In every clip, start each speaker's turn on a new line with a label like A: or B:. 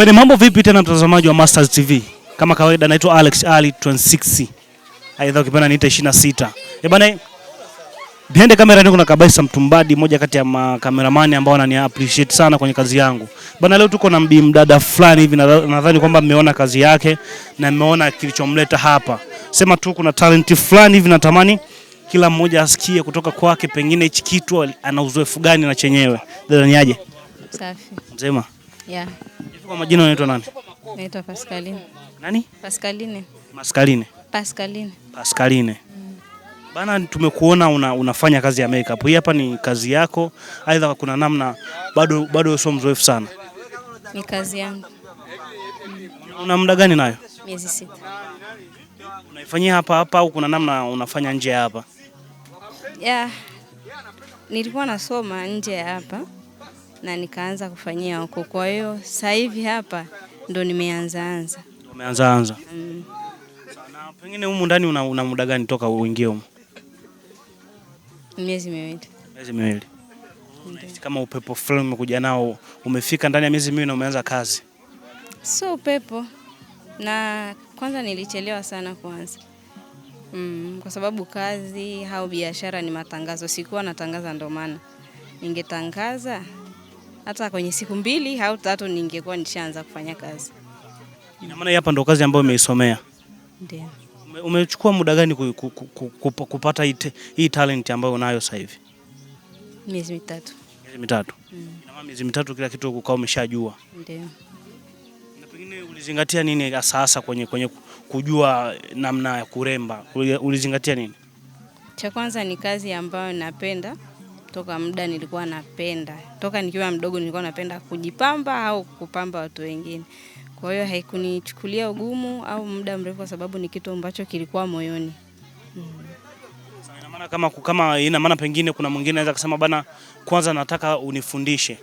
A: Bwana, mambo vipi tena mtazamaji wa Mastaz TV? Kama kawaida naitwa Alex Ali 26. Aidha ukipenda niite 26. Eh, bwana Biende kamera niko na Kabaisa Mtumbadi, moja kati ya makameramani ambao wanani appreciate sana kwenye kazi yangu. Bana leo tuko na mdada fulani hivi, nadhani kwamba mmeona kazi yake na mmeona kilichomleta hapa. Sema tu kuna talent fulani hivi, natamani kila mmoja asikie kutoka kwake, pengine hichi kitu ana uzoefu gani na chenyewe. Dada, niaje? Safi. Mzima. Yeah. Kwa majina unaitwa nani?
B: Naitwa Pascaline. Nani? Pascaline. Pascaline. Pascaline.
A: Pascaline. Mm. Bana, tumekuona una, unafanya kazi ya makeup. Hii hapa ni kazi yako aidha kuna namna bado bado sio mzoefu sana?
B: Ni kazi yangu.
A: Mm. Una muda gani nayo? Miezi sita. Unaifanyia hapa hapa au kuna namna unafanya nje ya hapa?
B: Yeah. Nilikuwa nasoma nje ya hapa na nikaanza kufanyia huko. Kwa hiyo sasa hivi hapa ndo nimeanzaanza.
A: Umeanzaanza? Mm. Sana. Pengine humu ndani una, una muda gani toka uingie humu? Miezi miwili. Miezi miwili. Kama upepo fulani umekuja nao, umefika ndani ya miezi miwili na umeanza kazi?
B: Sio upepo, na kwanza nilichelewa sana kwanza mm, kwa sababu kazi au biashara ni matangazo, sikuwa natangaza, ndio maana ningetangaza hata kwenye siku mbili au tatu ningekuwa nishaanza kufanya kazi.
A: Ina maana hapa ndo kazi ambayo umeisomea? Ndio. Umechukua muda gani ku, ku, ku, ku, kupata hii talent ambayo unayo sasa hivi?
B: Miezi mitatu.
A: Miezi mitatu. Mm. Ina maana miezi mitatu kila kitu ukawa umeshajua. Ndio. Na pengine ulizingatia nini hasa hasa kwenye, kwenye kujua namna ya kuremba? Ulizingatia nini?
B: Cha kwanza ni kazi ambayo napenda toka muda nilikuwa napenda, toka nikiwa mdogo nilikuwa napenda kujipamba au kupamba watu wengine. Kwa hiyo haikunichukulia ugumu au muda mrefu kwa sababu ni kitu ambacho kilikuwa moyoni.
A: Kama, kama ina maana pengine kuna mwingine anaweza kusema bana, kwanza nataka unifundishe,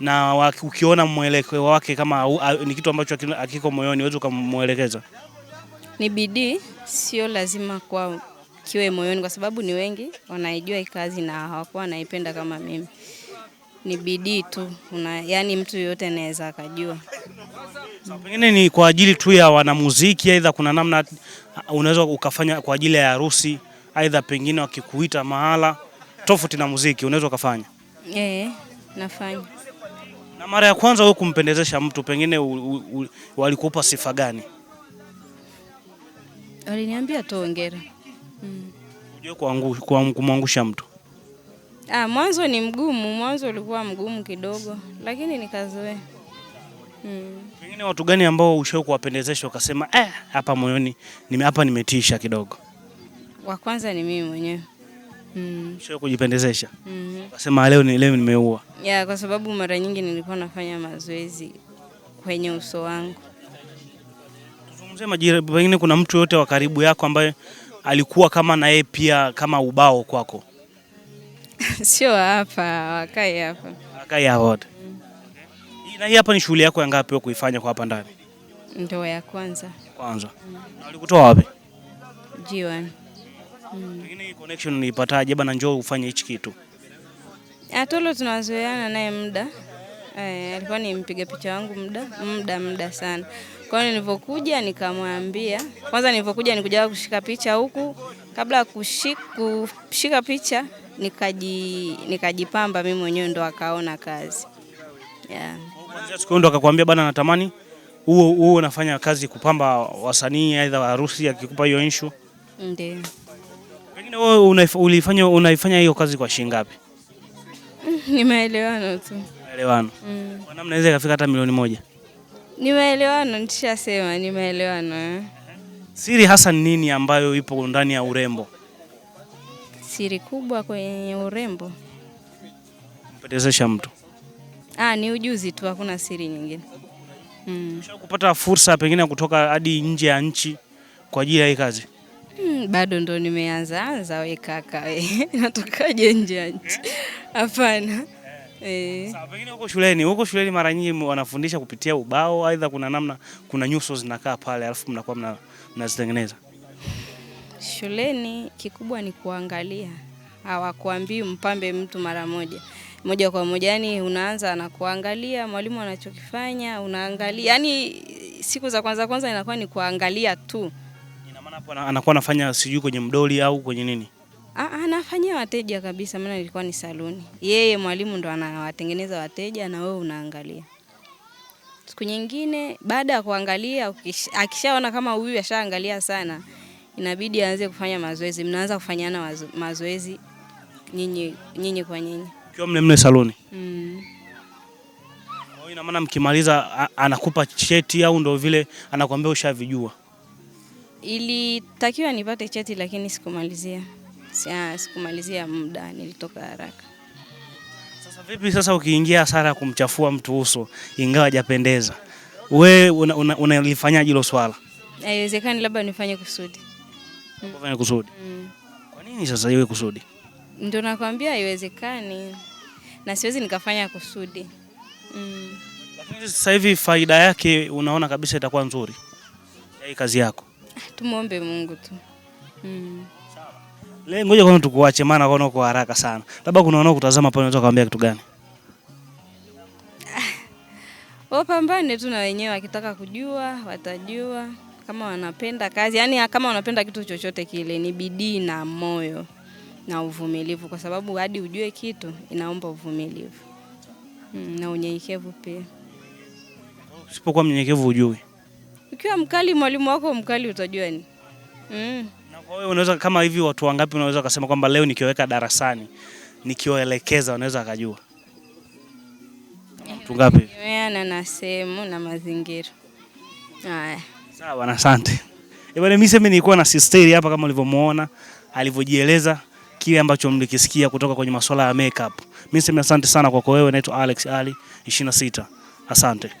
A: na ukiona mwelekeo wake kama ni kitu ambacho akiko moyoni, uweze ukamwelekeza.
B: Ni bidii, sio lazima kwa kiwe moyoni, kwa sababu ni wengi wanaijua hii kazi na hawakuwa wanaipenda kama mimi. Ni bidii tu una, yani mtu yoyote anaweza akajua.
A: So, pengine ni kwa ajili tu ya wanamuziki, aidha kuna namna unaweza ukafanya kwa ajili ya harusi, aidha pengine wakikuita mahala tofauti na muziki unaweza ukafanya.
B: E, nafanya.
A: Na mara ya kwanza wewe kumpendezesha mtu pengine u, u, u, walikupa sifa gani?
B: Waliniambia tu hongera
A: mm. kumwangusha mtu
B: ah, mwanzo ni mgumu, mwanzo ulikuwa mgumu kidogo, lakini nikazoea.
A: Mm. Pengine watu gani ambao ushao kuwapendezesha ukasema eh, hapa moyoni nime hapa nimetisha kidogo?
B: Wa kwanza ni mimi mwenyewe.
A: Mm. Ushawahi kujipendezesha? Mm -hmm. Ah, leo ni leo nimeua.
B: Yeah, kwa sababu mara nyingi nilikuwa nafanya mazoezi kwenye uso wangu.
A: Tuzungumzie majira, pengine kuna mtu yote wa karibu yako ambaye alikuwa kama na yeye pia kama ubao kwako?
B: Sio hapa, wakai hapa,
A: wakai hapa wote. Mm. Na hii hapa ni shughuli yako ya ngapi kuifanya kwa hapa ndani?
B: Ndio ya kwanza
A: kwanza. Mm. Na ulikutoa wapi? Jiwani. 1 Mm. Pengine hii connection nilipataje bana, njoo ufanye hichi kitu?
B: Atolo tunazoeana naye muda alikuwa eh, ni mpiga picha wangu muda muda muda sana. Kwa hiyo nilipokuja nikamwambia, kwanza nilipokuja nikuja kushika picha huku, kabla ya kushika picha nikaji nikajipamba mimi mwenyewe ndo akaona kazi.
A: Yeah. ndo akakwambia bana, natamani huo huo unafanya kazi kupamba wasanii aidha harusi, akikupa hiyo issue. Ndio. Pengine wewe unaifanya unaifanya hiyo kazi kwa shilingi ngapi?
B: Nimeelewana tu.
A: Maelewano. Mm. Kwa namna inaweza ikafika hata milioni moja.
B: Ni maelewano, nishasema ni maelewano.
A: Siri hasa ni nini ambayo ipo ndani ya urembo?
B: Siri kubwa kwenye urembo
A: mpendezesha mtu
B: ah, ni ujuzi tu, hakuna siri nyingine
A: mm. kupata fursa pengine ya kutoka hadi nje ya nchi kwa ajili ya hii kazi
B: mm, bado ndo nimeanza anza. We kaka we natokaje nje ya nchi? Hapana. Eh.
A: pengine huko shuleni, huko shuleni mara nyingi wanafundisha kupitia ubao, aidha kuna namna, kuna nyuso zinakaa pale alafu mnakuwa mnazitengeneza.
B: Shuleni kikubwa ni kuangalia, hawakuambii mpambe mtu mara moja moja kwa moja, yani unaanza na kuangalia mwalimu anachokifanya, unaangalia. Yani siku za kwanza kwanza inakuwa ni kuangalia tu,
A: ina maana hapo anakuwa anafanya sijui kwenye mdoli au kwenye nini
B: Anafanyia wateja kabisa maana ilikuwa ni saluni. Yeye mwalimu ndo anawatengeneza wateja na wewe unaangalia. Siku nyingine baada ya kuangalia akishaona kama huyu ashaangalia sana inabidi aanze kufanya mazoezi. Mnaanza kufanyana mazoezi nyinyi nyinyi kwa nyinyi.
A: Mkiwa mle mle saluni. Mm. Kwa ina maana mkimaliza anakupa cheti au ndo vile anakuambia ushavijua?
B: Ilitakiwa nipate cheti lakini sikumalizia. Ah, sikumalizia muda, nilitoka haraka.
A: Sasa vipi sasa ukiingia hasara ya kumchafua mtu uso ingawa hajapendeza, we unalifanyaje hilo swala?
B: Haiwezekani, labda nifanye kusudi.
A: Fanya kusudi. Mm. Kwa nini sasa iwe kusudi?
B: Ndio nakwambia haiwezekani na siwezi nikafanya kusudi. Mm.
A: sasa hivi faida yake unaona kabisa itakuwa nzuri. Hii kazi yako.
B: Tumwombe Mungu tu. Mm.
A: Leo ngoja kwanza tukuache maana kwaona kwa haraka sana. Labda kuna kutazama pale unataka kuambia kitu gani?
B: Wapambane tu na wenyewe, wakitaka kujua watajua, kama wanapenda kazi, yaani kama wanapenda kitu chochote kile, ni bidii na moyo na uvumilivu, kwa sababu hadi ujue kitu inaomba uvumilivu mm, na unyenyekevu pia.
A: Usipokuwa mnyenyekevu ujui.
B: Ukiwa mkali, mwalimu wako mkali, utajua ni
A: mm. Kwa hiyo unaweza kama hivi, watu wangapi unaweza kusema kwamba leo nikiweka darasani nikiwaelekeza unaweza wakajua watu ngapi?
B: Na sehemu na mazingira.
A: Haya, sawa na asante. Mimi sema nilikuwa na sister hapa kama ulivyomuona alivyojieleza kile ambacho mlikisikia kutoka kwenye masuala ya makeup. Mimi sema asante sana kwako wewe, naitwa Alex Ali 26. Asante.